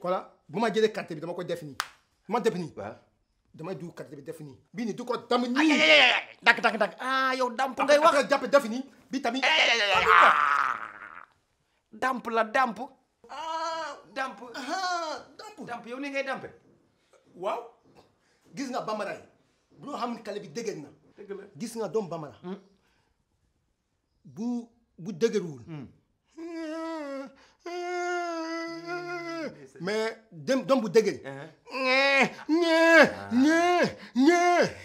voilà bu ma jëlee carte bi dama ko def nii ma def nii. waaw dama jiw bi def nii. bii nii du ko dam nii. dàkk dàkk dàkk yow damp ngay wax. jàpp def nii bi tamit. Ah. damp la damp. ah damp. Ah, yow ni ngay dampe. waaw gis nga bambara yi bu xam ne kale bi dëgër na. doom bambara. Hmm. bu mais dem doom bu déggee. Uh-huh. ñee ñee ñee ñee.